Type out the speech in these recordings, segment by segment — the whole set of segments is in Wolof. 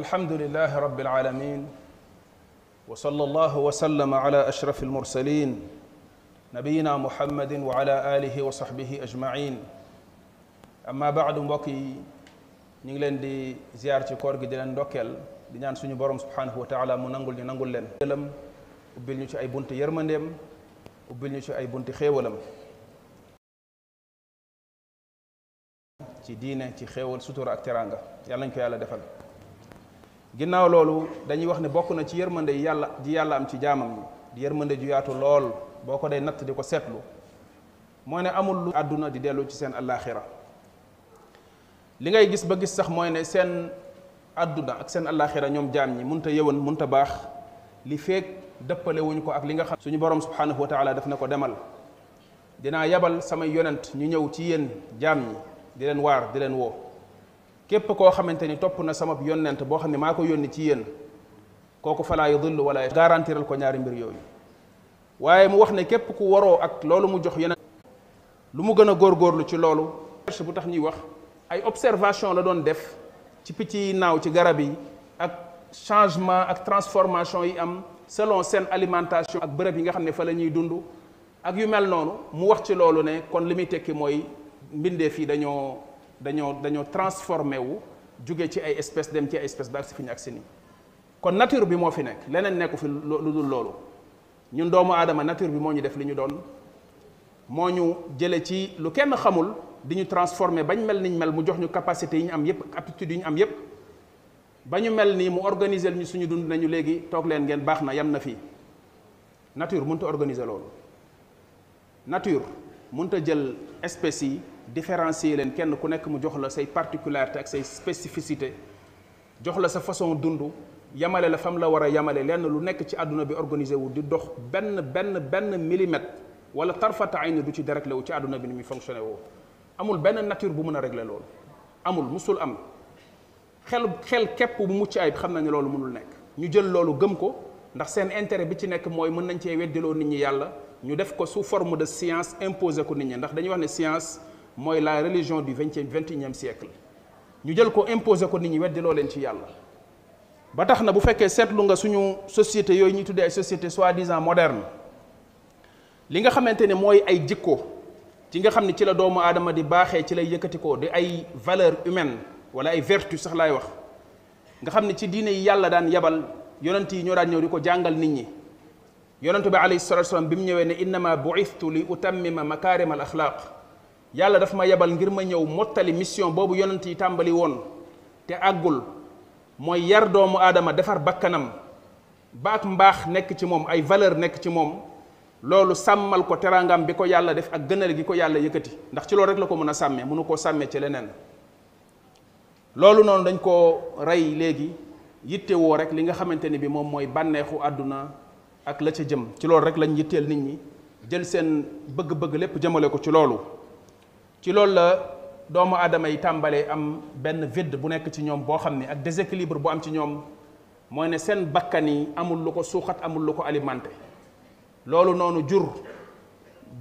alhamdulilahi rabbil aalamiin wa sallallahu wa sallama ala ashrafil mursaliin nabiyina muhammadin wa ala aalihi wa sahbihi ajmain amma baadu mbokk yi ñu ngi leen di ziyaar ci koor gi di leen ndokkeel di ñaan suñu borom subhaanahu wa taala mu nangul ñu nangul leen lëm ubbil ñu ci ay bunti yërmandeem ubbil ñu ci ay bunti xéewalam ci diine ci xéewal sutura ak teraanga yàlla ñu ko yàlla defal ginnaaw loolu dañuy wax ne bokk na ci yërmande yi yàlla ji yàlla am ci jaamam ñi di yërmande ju yaatu lool boo ko dee natt di ko seetlu mooy ne amul lu àdduna di dellu ci seen allaaxira li ngay gis ba gis sax mooy ne seen àdduna ak seen allaaxira ñoom jaam ñi munta yëwan munta baax li feeg dëppale ko ak li nga xam suñu borom subhanahu wa taala daf ne ko demal dinaa yabal samay yonent ñu ñëw ci yéen jaam ñi di leen waar di leen woo képp koo xamante ni topp na sama yonent boo xam ne maa ko yónni ci yéen kooku falaa yudillu wala garantiral ko ñaari mbir yooyu waaye mu wax ne képp ku waroo ak loolu mu jox yeneen lu mu gën a góorlu ci loolu bu tax ñuy wax ay observation la doon def ci picc yi naaw ci garab yi ak changement ak transformation yi am selon seen alimentation ak bërëb yi nga xam ne fa la ñuy dund ak yu mel noonu mu wax ci loolu ne kon li muy tekki mooy mbindee fii dañoo dañoo dañoo transformé wu jóge ci ay espèces dem ci ay espèces ba ak si fi ñu ak si nii kon nature bi moo fi nekk leneen nekku fi lu dul loolu ñun doomu aadama nature bi moo ñu def li ñu doon moo ñu jële ci lu kenn xamul di ñu transformé bañ mel niñ mel mu jox ñu capacité yi ñu am yépp aptitude yi ñu am yépp ba ñu mel nii mu organiser ñu suñu dund nañu léegi toog leen ngeen baax na yam na fii nature mënut a organiser loolu nature mënut a jël espèces yi différencier leen kenn ku nekk mu jox la say particularité ak say spécificité jox la sa façon dund yamale la fam la war a yamale lenn lu nekk ci àdduna bi organisé wu di dox benn benn benn millimètre wala tarfata ay ni du ci déréglé wu ci àdduna bi ni muy fonctionné woo amul benn nature bu mun a réglé loolu amul musul am xel xel képp bu mucc ay xam nañu loolu mënul nekk ñu jël loolu gëm ko ndax seen intérêt bi ci nekk mooy mën nañ cee weddiloo nit ñi yàlla ñu def ko sous forme de science imposé ko nit ñi ndax dañuy wax ne mooy la religion du vingtième vingt et unième siècle ñu jël ko imposer ko nit ñi loo leen ci yàlla ba tax na bu fekkee seetlu nga suñu société yooyu ñuy tuddee ay société soi-disant moderne li nga xamante ne mooy ay jikko ci nga xam ne ci la doomu aadama di baaxee ci lay yëkkatikoo di ay valeur humaine wala ay vertu sax laay wax nga xam ne ci diine yi yàlla daan yebal yonent yi ñoo daan ñëw di ko jàngal nit ñi yonent bi alayhi salatu wasalam bi mu ñëwee ne innama buistu li utammima makaarima al axlaaq yàlla daf ma yebal ngir ma ñëw mottali mission boobu yonent yi tàmbali woon te àggul mooy yar doomu aadama defar bakkanam ba ak mbaax nekk ci moom ay valeur nekk ci moom loolu sàmmal ko teraangam bi ko yàlla def ak gënal gi ko yàlla yëkkati ndax ci rek la ko mën a sàmmee mënu koo sàmmee ci loolu noonu dañ koo rey léegi yitte rek li nga xamante ni bi moom mooy bànneexu àdduna ak la ca jëm ci loolu rek lañ yitteel nit ñi jël seen bëgg-bëgg lépp jëmale ko ci loolu ci loolu la doomu aadama yi tàmbalee am benn vide bu nekk ci ñoom boo xam ne ak déséquilibre bu am ci ñoom mooy ne seen bakkan yi amul lu ko suuxat amul lu ko alimenté loolu noonu jur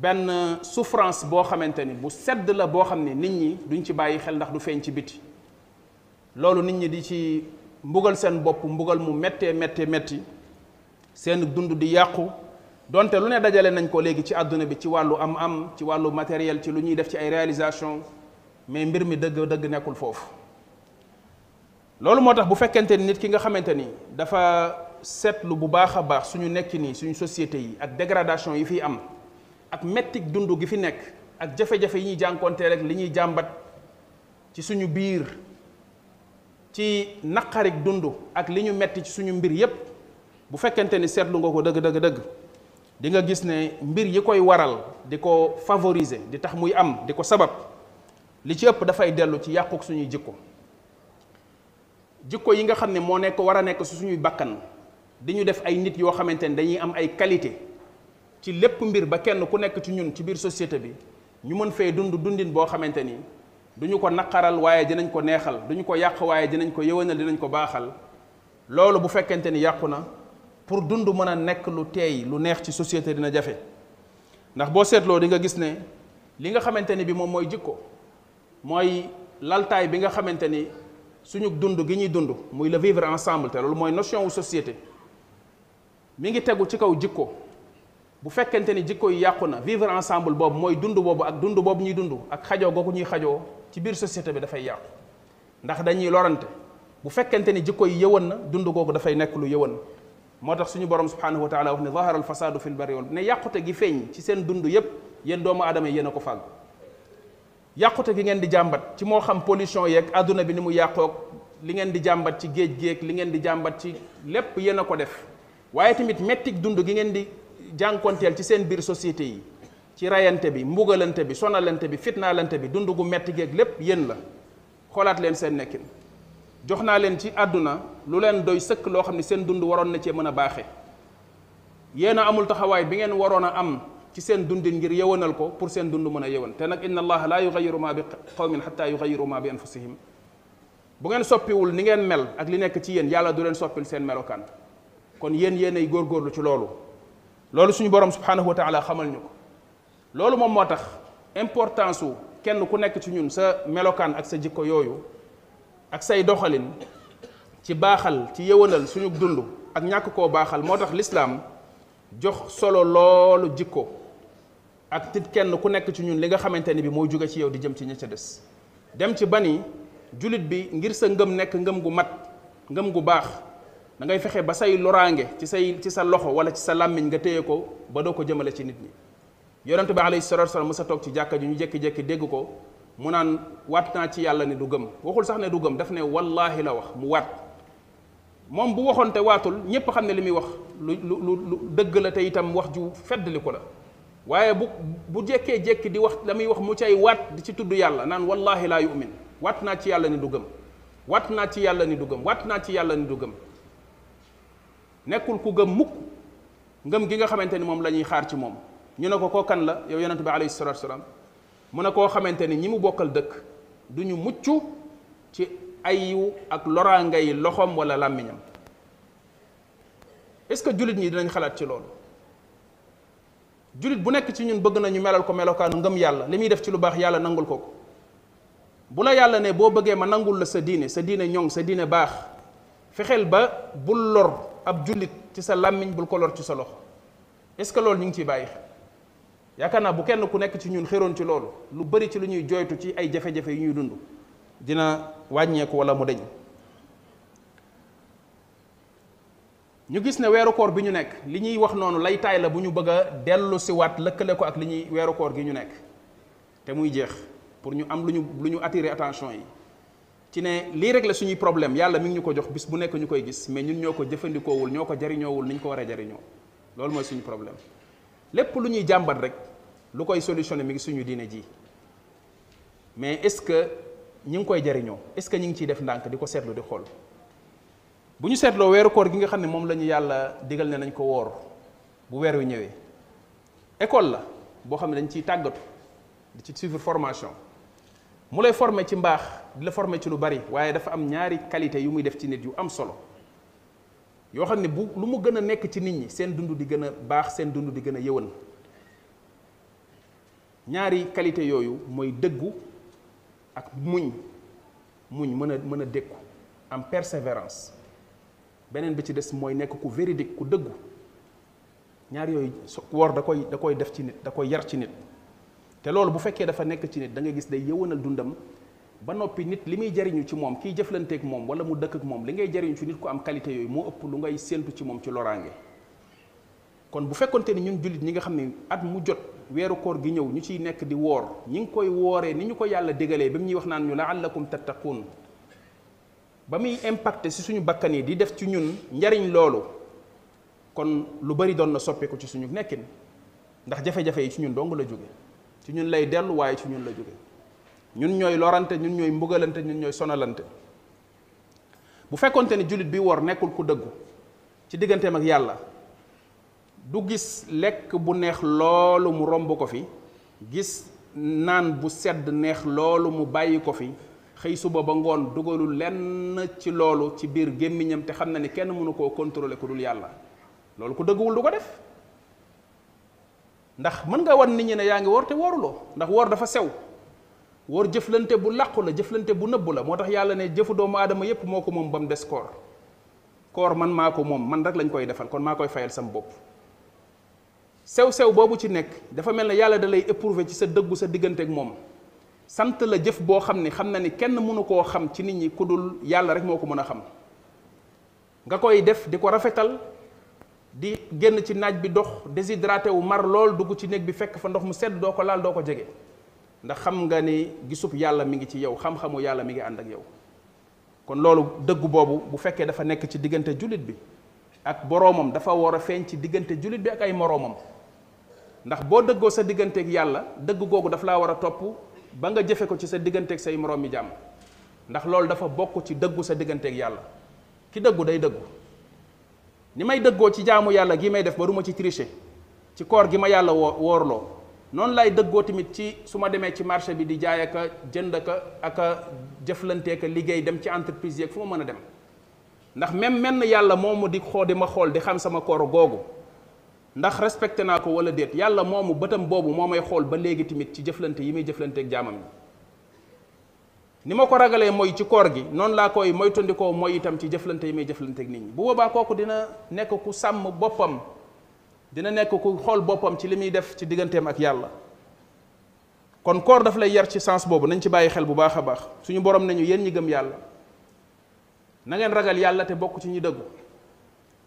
benn souffrance boo xamante ni bu sedd la boo xam ne nit ñi duñ ci bàyyi xel ndax du feeñ ci biti loolu nit ñi di ci mbugal seen bopp mbugal mu méttee méttee métti seen dund di yàqu donte lu ne dajale nañ ko léegi ci àdduna bi ci wàllu am am ci wàllu matériel ci lu ñuy def ci ay réalisation mais mbir mi dëgg dëgg nekkul foofu loolu moo tax bu fekkente ni nit ki nga xamante ni dafa seetlu bu baax a baax suñu nekk nii suñu societé yi ak dégradation yi fiy am ak mettik dund gi fi nekk ak jafe-jafe yi ñuy jànkoonte rek li ñuy jàmbat ci suñu biir ci naqarik dund ak li ñu metti ci suñu mbir yépp bu fekkente ni seetlu nga ko dëgg dëgg dinga gis ne mbir yi koy waral di ko favoriser di tax muy am di ko sabab li ci ëpp dafay dellu ci yàquk suñuy jikko jikko yi nga xam ne moo nekk war a nekk su suñuy bàkkan di ñu def ay nit yoo xamante ne dañuy am ay qualité ci lépp mbir ba kenn ku nekk ci ñun ci biir société bi ñu mën fee dund dundin boo xamante ni duñu ko naqaral waaye dinañ ko neexal duñu ko yàq waaye dinañ ko yëwanal dinañ ko baaxal loolu bu fekkente ni yàqu na pour dund mën a nekk lu teey lu neex ci société dina jafe ndax boo seetloo di nga gis ne li nga xamante ni bi moom mooy jikko mooy laltaay bi nga xamante ni suñu dund gi ñuy dund muy le vivre ensemble te loolu mooy notion wu société mi ngi tegu ci kaw jikko bu fekkente ni jikko yi yàqu na vivre ensemble boobu mooy dund boobu ak dund boobu ñuy dund ak xajoo googu ñuy xajoo ci biir société bi dafay yàqu ndax dañuy lorante bu fekkente ni jikko yi yëwan na dund googu dafay nekk lu yëwan moo tax suñu borom subhanahu wa taala wax ne zahara al fasadu fil barri wal ne yàqute gi feeñ ci seen dund yépp yéen doomu aadama yi yéen a ko fàgg yàqute gi ngeen di jàmbat ci moo xam pollution yeeg àdduna bi ni mu yàqoog li ngeen di jàmbat ci géej géeg li ngeen di jàmbat ci lépp yéen a ko def waaye tamit mettik dund gi ngeen di jànkonteel ci seen biir société yi ci rayante bi mbugalante bi sonalante bi fitnaalante bi dund gu metti geeg lépp yéen la xoolaat leen seen nekkin jox naa leen ci àdduna lu leen doy sëkk loo xam ne seen dund waroon na cee mën a baaxe yéen a amul taxawaay bi ngeen waroon a am ci seen dundin ngir yewanal ko pour seen dund mën a yewan te nag inna allaha laa yugayiru ma bi qawmin xata yugayiru ma bi anfusihim bu ngeen soppiwul ni ngeen mel ak li nekk ci yéen yàlla du leen soppil seen melokaan kon yéen yéen ay góor góorlu ci loolu loolu suñu borom subhanahu wa taala xamal ñu ko loolu moom moo tax importance su kenn ku nekk ci ñun sa melokaan ak sa jikko yooyu ak say doxalin ci baaxal ci yëwanal suñu dund ak ñàkk koo baaxal moo tax lislaam jox solo loolu jikko ak tit kenn ku nekk ci ñun li nga xamante ni bi mooy jóge ci yow di jëm ci ña ca des dem ci bani jullit bi ngir sa ngëm nekk ngëm gu mat ngëm gu baax da ngay fexe ba say loraange ci say ci sa loxo wala ci sa làmmiñ nga téye ko ba doo ko jëmale ci nit ñi yonent bi alayhi salaatu wa salaam mësa toog ci jàkka ji ñu jékki-jékki dégg ko mu naan waat naa ci yàlla ne du gëm waxul sax ne du gëm daf ne wallaahi la wax mu waat moom bu waxoon te waatul ñépp xam ne li muy wax lu lu lu dëgg la te itam wax ju feddli ko la waaye bu bu jekkee jekki di wax la muy wax mu cay waat di ci tudd yàlla naan wallaahi laa yu'min waat naa ci yàlla ni du gëm waat naa ci yàlla ni du gëm waat naa ci yàlla ni du gëm nekkul ku gëm mukk ngëm gi nga xamante ni moom la ñuy xaar ci moom ñu ne ko kookan la yow yonente bi alayhi salaatu wasalaam mu ne koo xamante ni ñi mu bokkal dëkk du ñu mucc ci ayu ak loraangay loxoom wala làmmiñam est-ce que jullit ñi dinañ xalaat ci loolu jullit bu nekk ci ñun bëgg nañu melal ko melokaanu ngëm yàlla li muy def ci lu baax yàlla nangul ko ko bu la yàlla ne boo bëggee ma nangul la sa diine sa diine ñoŋ sa diine baax fexeel ba bul lor ab jullit ci sa làmmiñ bul ko lor ci sa loxo est-ce que loolu ñu ngi ciy bàyyi xel yaakaar naa bu kenn ku nekk ci ñun xeroon ci loolu lu bari ci lu ñuy joytu ci ay jafe-jafe yu ñuy dund dina wàññeeku walla mu deñ ñu gis ne weeru koor bi ñu nekk li ñuy wax noonu lay taay la bu ñu bëgg a dellu si waat lëkkale ko ak li ñuy weeru koor gi ñu nekk te muy jeex pour ñu am lu ñu lu ñu attirer attention yi ci ne lii rek la suñuy problème yàlla mi ngi ñu ko jox bis bu nekk ñu koy gis mais ñun ñoo ko jëfandikoowul ñoo ko jariñoowul ni ñu ko war a jariñoo suñu problème lépp lu ñuy jàmbat rek lu koy solutionné mi ngi suñu diine ji mais est-ce que ñi ngi koy jariñoo est-ce que ñi ngi ciy def ndànk di ko seetlu di xool bu ñu seetloo weeru koor gi nga xam ne moom la ñu yàlla digal ne nañ ko woor bu weer wi ñëwee école la boo xam ne dañ ciy tàggatu di ci suivre formation mu lay forme ci mbaax di la former ci lu bari waaye dafa am ñaari qualité yu muy def ci nit yu am solo yoo xam ne bu lu mu gën a nekk ci nit ñi seen dund di gën a baax seen dund di gën a yëwan ñaari qualité yooyu mooy dëggu ak muñ muñ mën a mën a dékku am persévérance beneen bi ci des mooy nekk ku véridique ku dëggu ñaar yooyu woor da koy da koy def ci nit da koy yar ci nit te loolu bu fekkee dafa nekk ci nit da gis day yëwanal dundam ba noppi nit li muy jariñu ci moom kiy jëflanteek moom wala mu dëkk ak moom li ngay jariñu ci nit ko am qualité yooyu moo ëpp lu ngay séentu ci moom ci loraange kon bu fekkonte ni ñun jullit ñi nga xam ne at mu jot weeru koor gi ñëw ñu ciy nekk di woor ñi ngi koy wooree ni ñu ko yàlla dégalee ba ñuy wax naan ñu laallakum tattaquun ba muy impacté si suñu bakkan yi di def ci ñun njariñ loolu kon lu bari doon na soppeeku ci suñu nekkin ndax jafe-jafe yi ci ñun dong la jóge ci ñun lay dellu ci ñun la jóge ñun ñooy lorante ñun ñooy mbugalante ñun ñooy sonalante bu fekkonte ni jullit bi wor nekkul ku dëggu ci digganteem ak yàlla du gis lekk bu neex loolu mu romb ko fi gis naan bu sedd neex loolu mu bàyyi ko fi xëy suba ba ngoon dugalul lenn ci loolu ci biir gémmiñam te xam na ni kenn mënu koo contrôler ku dul yàlla loolu ku dëgguwul du ko def ndax mën nga wan nit ñi ne yaa ngi wor te woruloo ndax woor dafa sew woor jëflante bu làqu la jëflante bu nëbbu la moo tax yàlla ne jëfu doomu aadama yépp moo ko moom ba mu des koor koor man maa ko moom man rek lañ koy defal kon maa koy fayal sama bopp sew-sew boobu ci nekk dafa mel ne yàlla da lay éprouver ci sa dëggu sa diggante ak moom sant la jëf boo xam ne xam na ni kenn mënu koo xam ci nit ñi ku dul yàlla rek moo ko mën a xam nga koy def di ko rafetal di génn ci naaj bi dox déshydraté wu mar lool dugg ci néeg bi fekk fa ndox mu sedd doo ko laal doo ko jege ndax xam nga ni gisub yàlla mi ngi ci yow xam-xamu yàlla mi ngi ànd ak yow kon loolu dëggu boobu bu fekkee dafa nekk ci diggante jullit bi ak boroomam dafa war a feeñ ci diggante jullit bi ak ay moroomam ndax boo dëggoo sa digganteeg yàlla dëgg googu daf laa war a topp ba nga jëfe ko ci sa digganteeg say moroom mi jàmm ndax loolu dafa bokk ci dëggu sa digganteeg yàlla ki dëggu day dëggu ni may dëggoo ci jaamu yàlla gi may def ba duma ci tricher ci koor gi ma yàlla woo woorloo noonu laay dëggoo tamit ci su ma demee ci marché bi di jaay ak jënd ak ak a jëflante liggéey dem ci entreprise yeeg fu ma mën a dem ndax même menn yàlla moomu di xoo di ma xool di xam sama koor googu ndax respecté naa ko wala déet yàlla moomu bëtam boobu moo may xool ba léegi tamit ci jëflante yi may jëflanteeg jaamam yi ni ma ko ragalee mooy ci koor gi noonu laa koy moytandikoo mooy itam ci jëflante yi muy jëflanteeg nit ñi bu boobaa kooku dina nekk ku sàmm boppam dina nekk ku xool boppam ci li muy def ci digganteem ak yàlla kon koor daf lay yar ci sens boobu nañ ci bàyyi xel bu baax a baax suñu borom nañu yéen ñi gëm yàlla na ngeen ragal yàlla te bokk ci ñi dëggu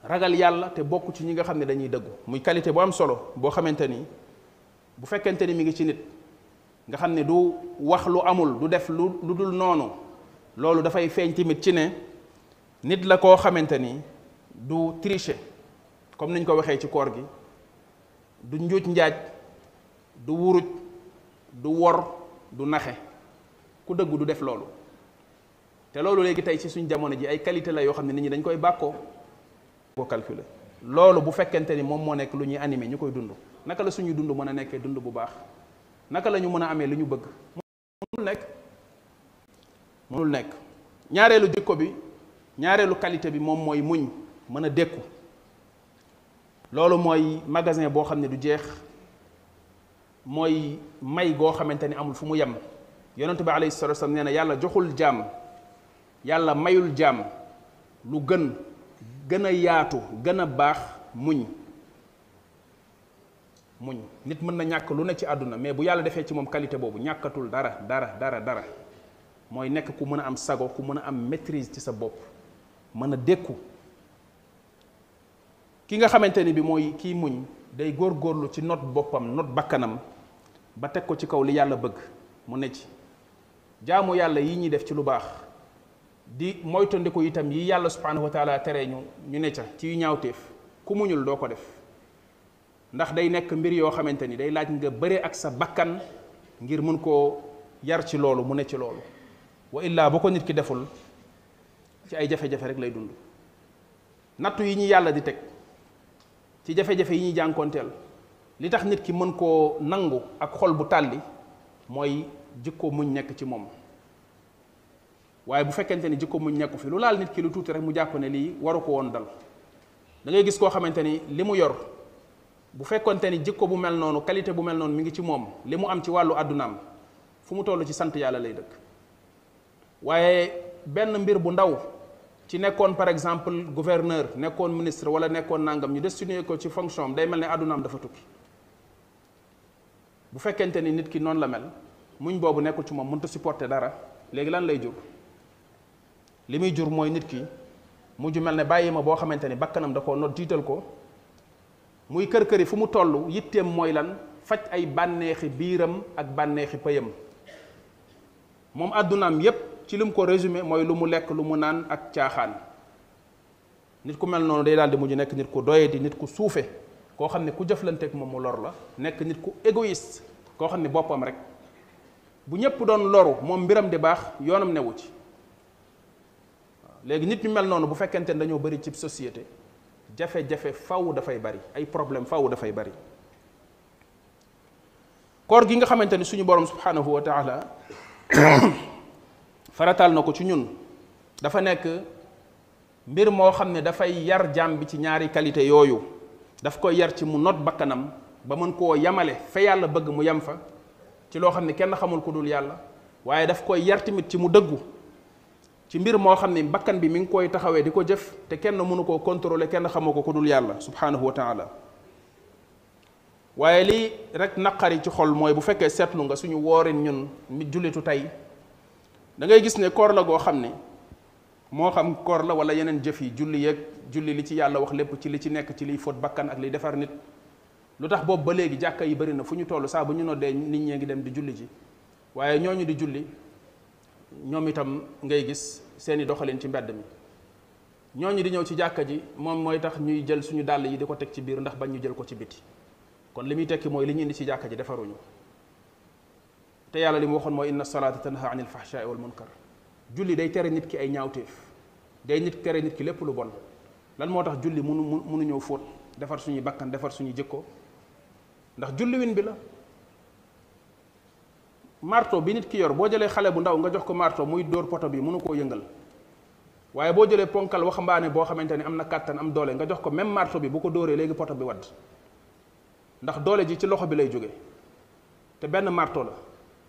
ragal yàlla te bokk ci ñi nga xam ne dañuy dëggu muy qualité bu am solo boo xamante ni bu fekkente ni mu ngi ci nit nga xam ne du wax lu amul du def lu lu dul noonu loolu dafay feeñ tamit ci ne nit la koo xamante ni du tricher. comme ni ñu ko waxee ci koor gi du njuuj njaaj du wuruj du wor du naxe ku dëggu du def loolu te loolu léegi tey ci suñu jamono ji ay qualité la yoo xam ne nit ñi dañ koy bàkkoo ko calculer loolu bu fekkente ni moom moo nekk lu ñuy animé ñu koy dund naka la suñuy dund mën a nekkee dund bu baax naka la ñu mën a amee li ñu bëgg mënul nekk nekk ñaareelu jikko bi ñaareelu qualité bi moom mooy muñ mën a dékku loolu mooy magasin boo xam ne du jeex mooy may goo xamante ni amul fu mu yem yonent bi alayhi salatu wasallam nee na yàlla joxul jàmm yàlla mayul jaam lu gën gën a yaatu gën a baax muñ muñ nit mën na ñàkk lu ne ci àdduna mais bu yàlla defee ci moom qualité boobu ñàkkatul dara dara dara dara mooy nekk ku mën a am sago ku mën a am maîtrise ci sa bopp mën a dékku ki nga xamante ni bi mooy kii muñ day góor góorlu ci not boppam not bakkanam ba teg ko ci kaw li yàlla bëgg mu ne ci jaamu yàlla yi ñuy def ci lu baax di moytandiku itam yi yàlla subhanahu wa taala tere ñu ñu ne ca ci ñaawteef ku muñul doo ko def ndax day nekk mbir yoo xamante ni day laaj nga bëre ak sa bakkan ngir mun koo yar ci loolu mu ne ci loolu wa illaa bu ko nit ki deful ci ay jafe-jafe rek lay dund nattu yi ñu yàlla di teg ci jafe-jafe yi ñuy jànkoonteel li tax nit ki mën koo nangu ak xol bu tàlli mooy jikko muñ nekk ci moom waaye bu fekkente ni jikko muñ nekku fi lu laal nit ki lu tuuti rek mu jàpp ne lii waru ko woon dal da ngay gis koo xamante ni li mu yor bu fekkonte ni jikko bu mel noonu qualité bu mel noonu mu ngi ci moom li mu am ci wàllu àddunaam fu mu toll ci sant yàlla lay dëkk waaye benn mbir bu ndaw ci nekkoon par exemple gouverneur nekkoon ministre wala nekkoon nangam ñu destiné ko ci fonction am day mel ne àddunaam dafa tukki bu fekkente ni nit ki noonu la mel muñ boobu nekkul ci moom mënut a supporter dara léegi lan lay jur li muy jur mooy nit ki mujj mel ne bàyyi ma boo xamante ni bakkanam da koo noot tiital ko muy kër kër yi fu mu toll yitteem mooy lan faj ay bànneexi biiram ak bànneexi pëyam moom àddunaam yépp ci lu mu ko résumé mooy lu mu lekk lu mu naan ak caaxaan nit ku mel noonu day daal di mujj nekk nit ku doyadi nit ku suufe koo xam ne ku jëflanteek moom mu lor la nekk nit ku égoïste koo xam ne boppam rek bu ñëpp doon loru moom mbiram di baax yoonam newu ci léegi nit ñu mel noonu bu fekkente ne dañoo bari cib société jafe-jafe faw dafay bari ay problème faw dafay bari koor gi nga xamante ni suñu borom subhanahu wa taala faratal na ko ci ñun dafa nekk mbir moo xam ne dafay yar jaam bi ci ñaari qualité yooyu daf koy yar ci mu not bakkanam ba mën koo yamale fa yàlla bëgg mu yem fa ci loo xam ne kenn xamul ku dul yàlla waaye daf koy yar tamit ci mu dëggu ci mbir moo xam ne bakkan bi mi ngi koy taxawee di ko jëf te kenn mënu koo contrôler kenn xamu ko ku dul yàlla subhanahu wa taala waaye lii rek naqari ci xol mooy bu fekkee seetlu nga suñu woorin ñun jullitu tey da ngay gis ne koor la goo xam ne moo xam koor la wala yeneen jëf yi julli yeeg julli li ci yàlla wax lépp ci li ci nekk ci liy fóot bakkan ak liy defar nit lu tax boobu ba léegi jàkka yi bëri na fu ñu toll saa bu ñu dee nit ñee ngi dem di julli ji waaye ñoo ñu di julli ñoom itam ngay gis seeni doxalin ci mbedd mi ñoo ñu di ñëw ci jàkka ji moom mooy tax ñuy jël suñu dàll yi di ko teg ci biir ndax bañ ñu jël ko ci biti kon li muy tekki mooy li ñu indi ci jàkka ji defaruñu te yàlla li mu waxoon mooy inna salaata tanha anil fahshaai wal munkar julli day tere nit ki ay ñaawteef day nit tere nit ki lépp lu bon lan moo tax julli munu munu ñëw fóot defar suñuy bàkkan defar suñu jëkko ndax julli bi la marto bi nit ki yor boo jëlee xale bu ndaw nga jox ko marto muy dóor poto bi mënu koo yëngal waaye boo jëlee ponkal waxambaane boo xamante ne am na kàttan am doole nga jox ko même marto bi bu ko dóoree léegi poto bi wadd ndax doole ji ci loxo bi lay jóge te benn marto la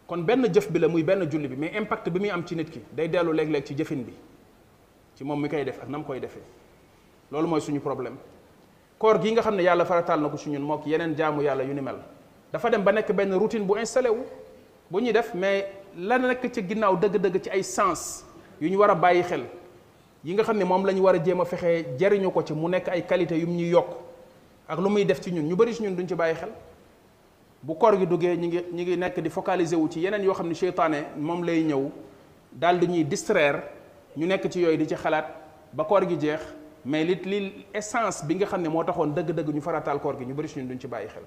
kon benn jëf bi la muy benn julli bi mais impact bi muy am ci nit ki day dellu léeg-léeg ci jëfin bi ci moom mi koy def ak na mu koy defee loolu mooy suñu problème koor gi nga xam ne yàlla farataal na ko suñun mook yeneen jaamu yàlla yu ni mel dafa dem ba nekk benn routine bu installé wu bu ñuy def mais la nekk ci ginnaaw dëgg ci ay sens yu ñu war a bàyyi xel yi nga xam ne moom la ñu war a jéem a fexe jariñu ko ci mu nekk ay qualité yu mu ñuy yokk ak lu muy def ci ñun ñu bari ci ñun duñ ci bàyyi xel bu koor gi duggee ñi ngi ñi ngi nekk di focaliser wu ci yeneen yoo xam ne seytaane moom lay ñëw daal di ñuy distraire ñu nekk ci yooyu di ci xalaat ba koor gi jeex mais li li essence bi nga xam ne moo taxoon dëgg-dëgg ñu farataal koor gi ñu bari si ñun duñ ci bàyyi xel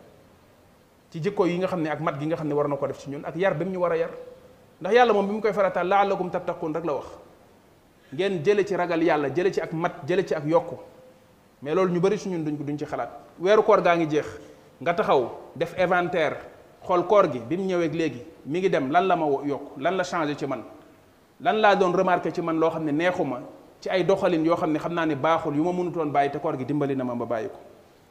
ci jikko yi nga xam ne ak mat gi nga xam ne war na ko def ci ñun ak yar bi mu ñu war a yar ndax yàlla moom bi mu koy farataal laalakum tattaqun rek la wax ngeen jële ci ragal yàlla jële ci ak mat jële ci ak yokku mais loolu ñu bëri si ñun duñ duñ ci xalaat weeru koor gaa ngi jeex nga taxaw def inventaire xool koor gi bi mu ñëwee léegi mi ngi dem lan la ma yokk lan la changé ci man lan laa doon remarqué ci man loo xam ne neexuma ci ay doxalin yoo xam ne xam naa ne baaxul yu ma mënutoon bàyyi te koor gi dimbali na ma ba bàyyi ko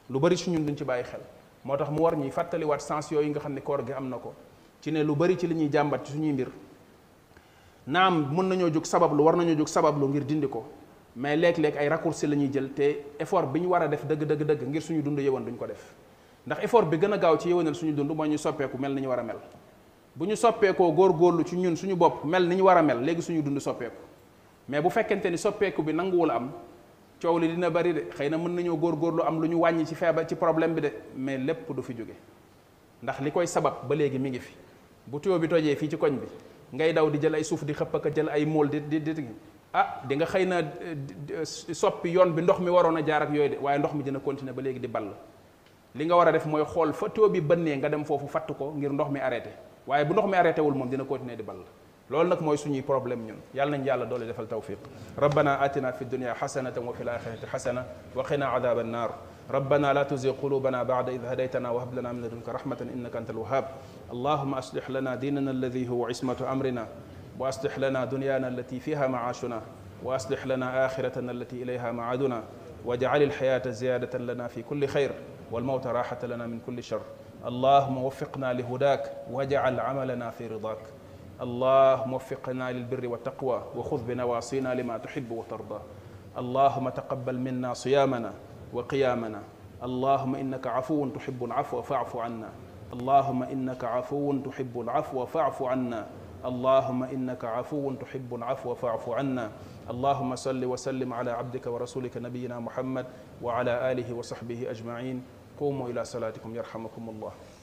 lu bari su ñun duñ ci bàyyi xel moo tax mu war ñuy fàttaliwaat sens yooyu nga xam ne koor gi am na ko ci ne lu bari ci li ñuy jàmbat ci suñuy mbir naam mën nañoo jóg sabablu war nañoo jóg sabablu ngir dindi ko mais léeg-léeg ay raccourci la ñuy jël te effort bi ñu a def dëgg dëgg dëgg ngir suñu dund yëwan duñ ko def ndax effort bi gën a gaaw ci yëwénal suñu dund mooy ñu soppeeku mel ni ñu war a mel bu ñu soppeekoo góorgóorlu ci ñun suñu bopp mel ni ñu war a mel léegi suñu dund soppeeku mais bu fekkente ni soppeeku bi nanguwul am coow li dina bari de xëy na mën nañoo góorgóorlu am lu ñu wàññi ci feebar ci problème bi de mais lépp du fi jóge ndax li koy sabab ba léegi mi ngi fi bu tuyoo bi tojee fii ci koñ bi ngay daw di jël ay suuf di xëpp ak jël ay mool di di di ah di nga xëy na soppi yoon bi ndox mi waroon a jaar ak yooyu de waaye ndox mi dina continuer ba léegi di ball li nga war a def mooy xool fa taux bi bënnee nga dem foofu fatt ko ngir ndox mi arrêté waaye bu ndox mi arrêté wul moom dina continuer di ball loolu nag mooy suñuy problème ñun yàlla nañ yàlla doole defal tawfiq rabbana atina fi dunya xasanatan wa fi laxirati xasana wa qina adaba annar ربنا لا تزغ قلوبنا بعد إذ هديتنا وهب لنا من لدنك رحمة إنك أنت الوهاب اللهم أصلح لنا ديننا الذي هو عصمة أمرنا وأصلح لنا دنيانا التي فيها معاشنا وأصلح لنا آخرتنا التي إليها معادنا واجعل الحياة زيادة لنا في كل خير والموت راحة لنا من كل شر اللهم وفقنا لهداك واجعل عملنا في رضاك اللهم وفقنا للبر والتقوى وخذ بنواصينا لما تحب وترضى اللهم تقبل منا صيامنا وقيامنا اللهم إنك عفو تحب العفو فاعف عنا اللهم إنك عفو تحب العفو فاعف عنا اللهم إنك عفو تحب العفو فاعف عنا allahuma salli wa sallim ala abdika wa rasulika nabiyina muhammad wa ala alihi wa sahbihi ajmain qumu ila salatikum yarhamakum allah